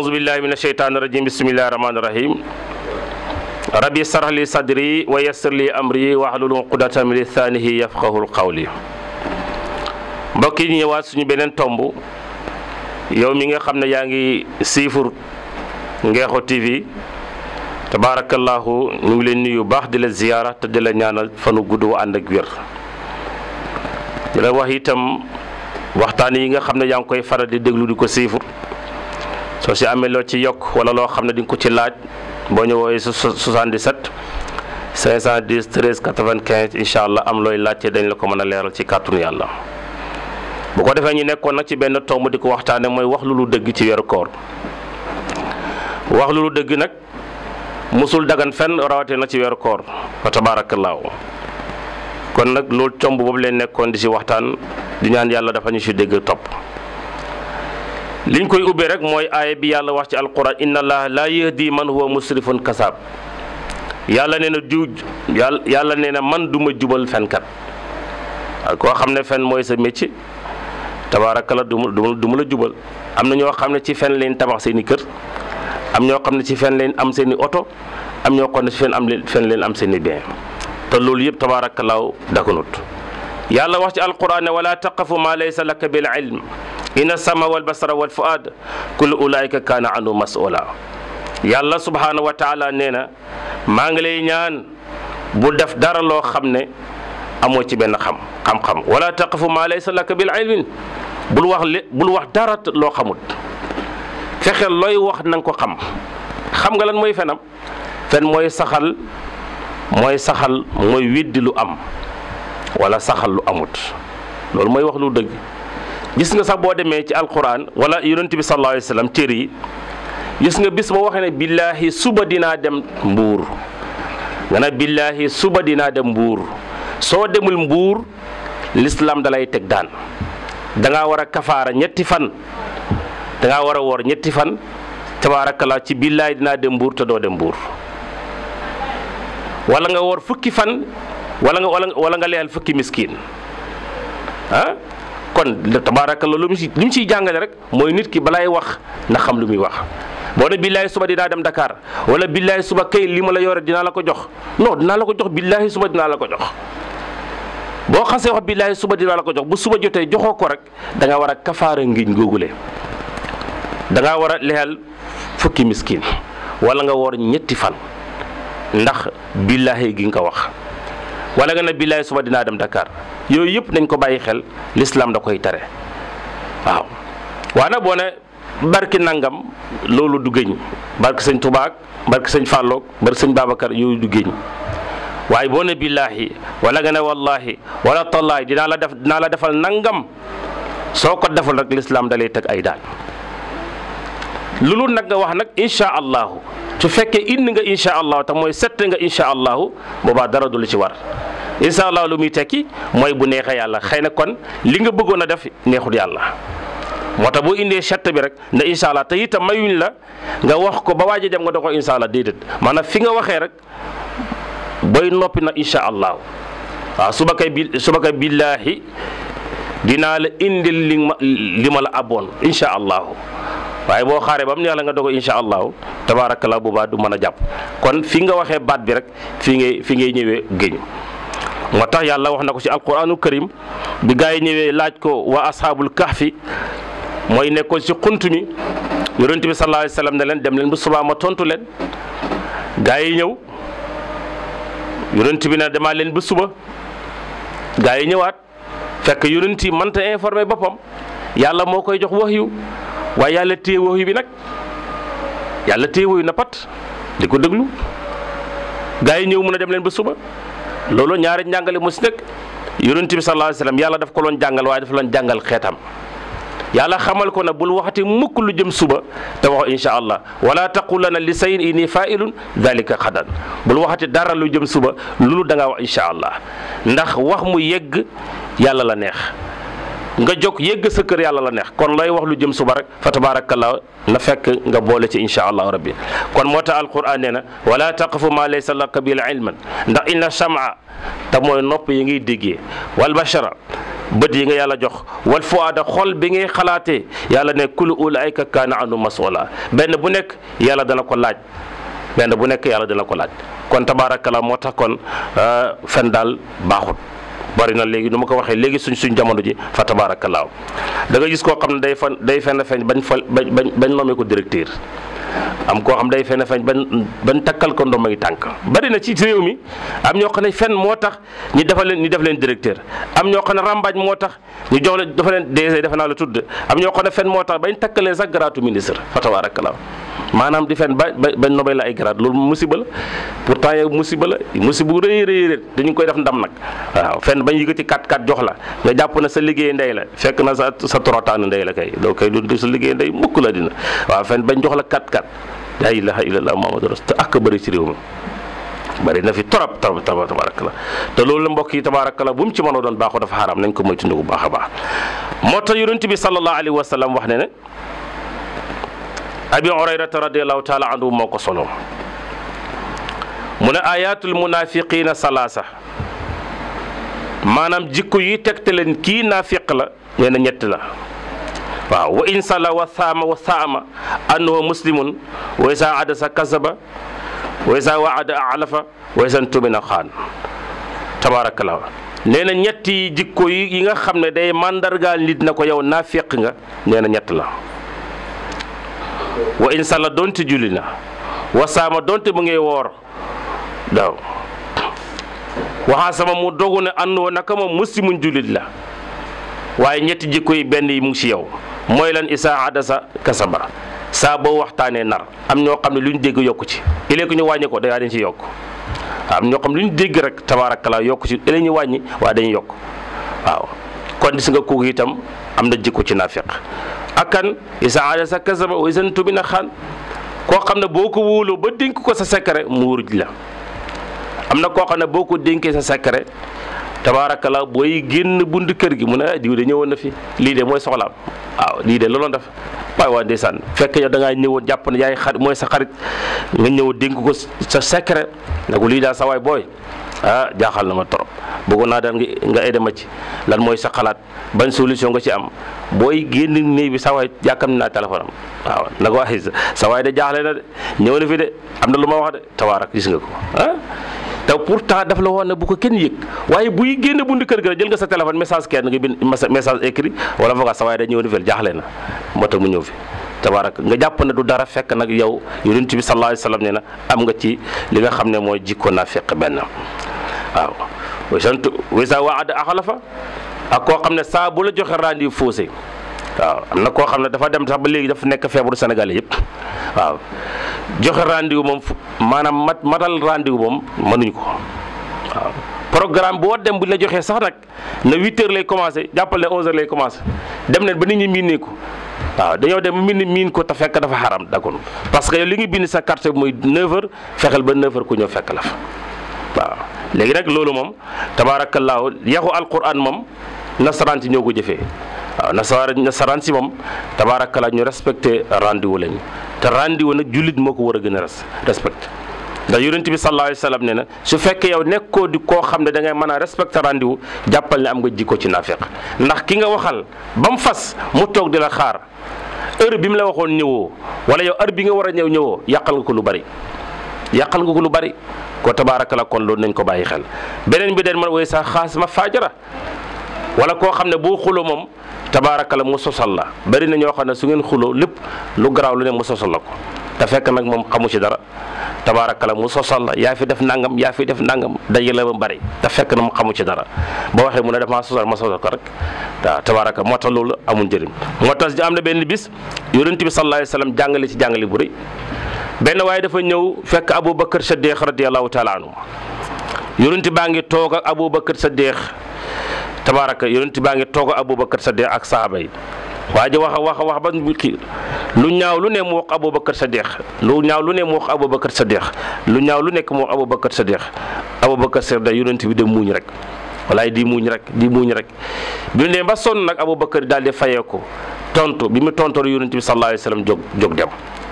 أعوذ بالله من الشيطان الرجيم بسم الله الرحمن الرحيم ربي اشرح لي صدري ويسر لي أمري واحلل عقدة من لسانه يفقه القول mbokk yi ñëwaat suñu beneen tomb yow mi nga xam ne yaa ngi siifur Ngexo TV tabaarakallaahu ñu ngi leen nuyu baax di la ziyaara te di la ñaanal fanu gudd wu ànd ak wér di la wax itam waxtaan yi nga xam ne yaa ngi koy faral di déglu di ko siifur soo si amee loo ci yokk wala loo xam ne di nga ko ci laaj boo ñu woowee 77 510 13 95 incha allah am looy laajte dañ la ko mën a leeral ci kàttanu yàlla. bu ko defee ñu nekkoon nag ci benn tomb di ko waxtaanee mooy wax lu lu dëgg ci weeru koor wax lu lu dëgg nag musul dagan fenn rawatee na ci weeru koor wa tabaarakallaahu kon nag loolu tomb boobu leen nekkoon di si waxtaan di ñaan yàlla dafa ñu si dégg topp. liñ koy ubbee rek mooy aaya bi yàlla wax ci alquran inna allaha laa yahdi man huwa musrifun kasaab yàlla nee na du yàlla nee na man duma jubal fenkat ak koo xam ne fen mooy sa métier tabaaraka la du ma la jubal am na ñoo xam ne ci fen leen tabax seeni kër am ñoo xam ne ci fen leen am seeni oto am ñoo xam ne ci fen am leen fen leen am seen i bien te loolu yëpp tabaaraka laaw dakunut yàlla wax ci alquran ne wala taqafu ma laysa laka bil ilm inna sama wal basara wal fuad kullu ulaayka kaana anu masula yàlla subhaanahu wa taala nee na maa ngi lay ñaan bu def dara loo xam ne amoo ci benn xam xam-xam wala taqfu maa laysa laka bil ilmin bul wax bul wax dara loo xamut fexe looy wax nanga ko xam xam nga lan mooy fenam fen mooy saxal mooy saxal mooy widdi lu am wala saxal lu amut loolu mooy wax lu dëgg gis nga sax bo demee ci alquran wala yaronte bi sallallahu alayhi wasallam téere gis nga bis bo waxé ne billaahi suba dem mbour ngana billahi subadina suba dem mbour so demul mbour l'islam dalay wara daan da nga wara kafara ñetti fan da nga war wor ñetti fan tabarakallah ci billahi dina dem mbour te do dem mbour wala nga wor fukki fan wala nga wala nga leel fukki miskin ah kon tabarakallah lu mu si lu mu siy rek moy nit ki balay wax na xam lu mi wax bo ne billahi suba dina dem Dakar wala billahi suba kay li ma la yore dinaa la ko jox non dina la ko jox billahi suba dina la ko jox bo xasse wax billahi suba dina la ko jox bu suba jotey joxoko rek da nga wara kafara ngiñ gogule da nga wara lehal fukki miskin wala nga wor ñetti fan ndax billahi gi nga wax wala nga ne billahi suba dina dem Dakar yooyu yëpp nañ ko bàyyi xel l'islam da koy tare waaw waaye nag boo ne barki nangam loolu du géñ barki sëñ tubaak barki sëñ fàlloog barki sëñ babacar yooyu du géñ waaye boo ne billaahi wala nga ne wallaahi wala tallaahi dinaa la def dinaa la defal nangam soo ko defal rek l'islam da lay teg ay daal lu loolu nag nga wax nag incha allahu su fekkee indi nga incha allahu te mooy sett nga incha allahu boobaa dara du la ci war incha allah lu muy tekki mooy bu neexee yàlla xëy na kon li nga bëggoon a def neexut yàlla moo tax boo indee charte bi rek ne insha allah te itam mayuñ la nga wax ko ba waaj a dem nga da ko incha allah déedéet maanaam fi nga waxee rek booy noppi na incha allah waaw suba kay bi suba kay billaahi la indil li ma li ma la aboon incha allahu waaye boo xaaree ba mu neex la nga dogo incha allahu tabaarakallah bu baax du mën a jàpp kon fi nga waxee baat bi rek fi ngay fi ngay ñëwee géñu moo tax yàlla wax na ko ci alquraanul karim bi gaa yi ñëwee laaj ko waa ashaabul kahfi mooy nekkoon ci xunt mi yonent bi sallallahu alayhi wasallam leen dem leen bu subaa ma tontu leen gaa yi ñëw yonent bi na demaa leen ba suba gaa yi ñëwaat fekk yonent yi informé boppam yàlla moo koy jox wahyu waaye yàlla téye wahyu bi nag yàlla téye wahyu na pat di ko déglu gaa yi ñëw mun a dem leen ba suba loolu ñaari njàngale mu si nekk yonent bi sallallahu yàlla def ko loon jàngal waaye daf loon jàngal xeetam yàlla xamal ko na bul waxati mukk lu jëm suba te wax insha allah wala taqul lana li sayin ini failun dalika xadan bul waxati dara lu jëm suba loolu da ngaa wax insha allah ndax wax mu yegg yàlla la neex nga jóg yëgg sa kër yàlla la neex kon lay wax lu jëm suba rek fa tabaarakallaa na fekk nga boole ci insha allahu rabbi kon moo tax alquran nee na wala taqfu ma laysa laka bil ilman ndax inna samaa te mooy nopp yi ngiy déggee wal bashara bët yi nga yàlla jox wal fuaada xol bi ngay xalaatee yàlla ne kulu ulaayka kaana anu masoola benn bu nekk yàlla dana ko laaj benn bu nekk yàlla dana ko laaj kon tabaarakallaa moo tax kon euh, fen daal baaxut bari na léegi nu ma ko waxee léegi suñ suñ jamono ji fa tabaarakallaaw da dangay gis koo xam ne day fan day fenn feeñ bañ fa bañ bañ nommé ko directeur am koo xam day fen fañ ban ban takkal ko ndomay tànk bari na ci réew mi am ñoo xam ne fen moo tax ñu defal leen ñu def leen directeur am ñoo xam ne rambaaj moo tax ñu jox leen dafa leen DG defe naa la tudd am ñoo xam ne fen moo tax bañ takkalee sax garaatu ministre fa tabaarakallaa maanaam di fen ba ba nobay la ay garaat loolu musiba la pourtant yow musiba la musiba bu rëy rëy rëy dañu koy def ndam nag waaw fen bañ yëgati jox la nga jàpp na sa liggéey ndey la fekk na sa sa torotaan ndey la kay doo kay du sa liggéey ndey mukk la dina waaw fen bañ jox la kat kat laa ilaha illallah muhammadu rasul te ak bëri ci réew mi bëri na fi torop torop torop tabaraka la te loolu la mbokk yi tabaraka la bu mu ci mën a doon baaxoo dafa xaaraam nañ ko moytundu bu baax a baax moo tax yonent bi sallallahu alayhi wa sallam wax ne ne abi hurayrata radiallahu taala anhu moo ko solo mu ne ayatul munafiqina salaasa maanaam jikko yi tegte leen kii naafiq la nee na ñett la waaw wa in sala wa saama wa saama annahu muslimun wa isa kasaba wa isa waada alafa wa isan tumina xaan tabaarakallaa nee na ñetti jikko yi nga xam ne day màndargaal nit na ko yow naa féq nga nee na ñett la wa in sala donte julli na wa saama donte sama mu dogu la waaye ñetti jikko yi benn yi mu ci yow mooy lan isaa adasa kasaba saa boo waxtaanee nar am ñoo xam ne lu ñu dégg yokku ci ilee ku ñu wàññi ko dañ ci yokk am ñoo xam lu ñu dégg rek tabaarakala yokku ci ilee ñu wàññi waa dañu yokk waaw kon gis nga kooku itam am na jikko ci naafiq ak kan isaa adasa kasaba wa isan tumina xaan koo xam ne boo ko wooloo ba dénk ko sa secret mu wuruj la am na koo xam ne boo ko dénkee sa secret tabaarakalla booy génn bunt kër gi mu ne diw de ñëwoon na fi lii de mooy soxlaam waaw lii de looloon def waaye waa ndeysaan fekk yow da ngaa ñëwoon jàpp ne mooy sa xarit nga ñëw dénk ko sa secret ne ko lii daal sa booy ah jaaxal na ma trop bëggoon naa dem nga aidé ma ci lan mooy sa xalaat bañ solution nga ci am booy génn néeg bi sa waay yàkkam naa téléphone am waaw na ko sa waay de jaaxle na de ñëw na fi de am na lu ma wax de tabaarak gis nga ko ah pour pourtant daf la woon ne bu ko kenn yëg waaye buy génn bunt kër ga jël nga sa téléphone message kenn nga bind message écrit wala vocal sa waaye da ñëw nouvelle jaaxle na moo tax mu ñëw fi tabarak nga jàpp ne du dara fekk nag yow yonent bi sallallahu alayhi wasallam ne na am nga ci li nga xam ne mooy jikko naa fekk benn waaw sant wisa waada axalafa ak koo xam ne saa bu la joxe rendi foosé waaw am na koo xam ne dafa dem sax ba léegi dafa nekk feebaru Sénégal yëpp waaw joxe rendez-vous moom maanaam mat matal rendez-vous moom mënuñ ko waaw programme boo dem bu la joxee sax nag na huit heures lay commencé jàppal ne onze heures lay commencé dem nañ ba nit ñi miinee ko waaw dañoo dem miin miin ko te fekk dafa xaram d'accord parce que li nga bind sa carte mooy neuf heures fexeel ba neuf heures ku ñëw fekk la fa waaw léegi rek loolu moom tabaarakallaahu yaxu alquran moom nasaraan ci ñoo ko jëfee. waaw nasaara nasaraan si moom tabaarakala ñu respecté rendez-vous lañu te rendez na nag jullit moo ko war a gën a respecté ndax yonent bi sallallahu alayhi wasallam nee na su fekkee yow nekkoo di koo xam ne da ngay mën a respecté rendez-vous jàppal ne am nga jikko ci naafeq ndax ki nga waxal ba mu fas mu toog di la xaar heure bi mu la waxoon ñëwoo wala yow heure bi nga war a ñëw ñëwoo yàqal nga ko lu bari yàqal nga ko lu bari ko tabaarakala kon loolu nañ ko bàyyi xel beneen bi den man woy sax xaas ma faajara wala koo xam ne boo xuloo moom tabaarakala mu sosal la bari na ñoo xam ne su ngeen xuloo lépp lu garaaw lu ne mu sosal la ko te fekk nag moom xamu ci dara tabaarakala mu sosal la yaa fi def nangam yaa fi def nangam day la ba bari te fekk na mu xamu ci dara boo waxee mu ne dafa sosal ma sosal ko rek waaw tabaaraka moo tax loolu amul njëriñ moo tax am na benn bis yonent bi sallallahu alayhi wa jàngale ci jàngale bu rëy benn waaye dafa ñëw fekk abou Aboubacar Saddiq radiyallahu taala anhu yonent baa ngi toog ak Aboubacar Saddiq tabaaraka yonent baa ngi toog Aboubacar Saddiq ak saaba yi waa ji wax a wax wax ba lu ñaaw lu ne mu wax Aboubacar Saddiq lu ñaaw lu ne mu wax Aboubacar Saddiq lu ñaaw lu nekk mu wax Aboubacar Saddiq Aboubacar Saddiq yonent bi de muuñ rek. walaay di muuñ rek di muuñ rek bi mu ne ba sonn nag Aboubacar daal di fayee ko tontu bi mu tontoor yonent bi sallallahu alayhi wa sallam jóg jóg dem.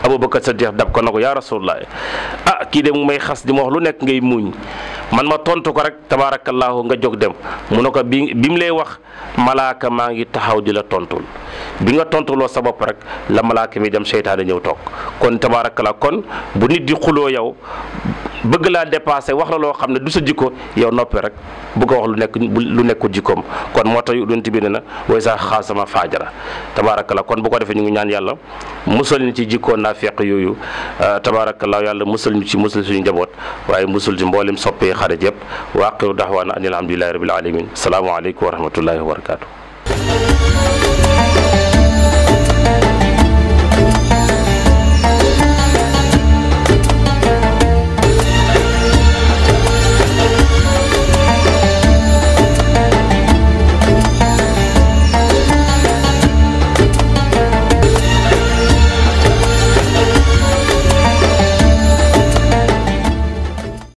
sa Saddiq dab ko na ko yaa rasulallah ah kii de mu may xas di ma wax lu nekk ngay muuñ man ma tontu ko rek tabaarakallaahu nga jóg dem mu ne ko bi bi mu lay wax malaaka maa ngi taxaw di la tontul bi nga tontuloo sa bopp rek la malaaka mi dem seytaane ñëw toog kon tabaarakallaahu kon bu nit di xuloo yow bëgg laa dépasé wax la loo xam ne du sa jikko yow noppee rek bëgg a wax lu nekk lu nekkul jikkoom kon moo tax yonent bi ne na way sax xaal sama faajara tabaarakalla kon bu ko defee ñu ngi ñaan yàlla musal ñu ci jikkoo naafeq yooyu euh, tabaarakalla yàlla musal ñu ci musal suñu njaboot waaye musal si mboolem soppee xarit yëpp waaqiru daxwaana anil hamdulillahi rabbil alamin salaamu aleykum wa rahmatullahi wa barakatuh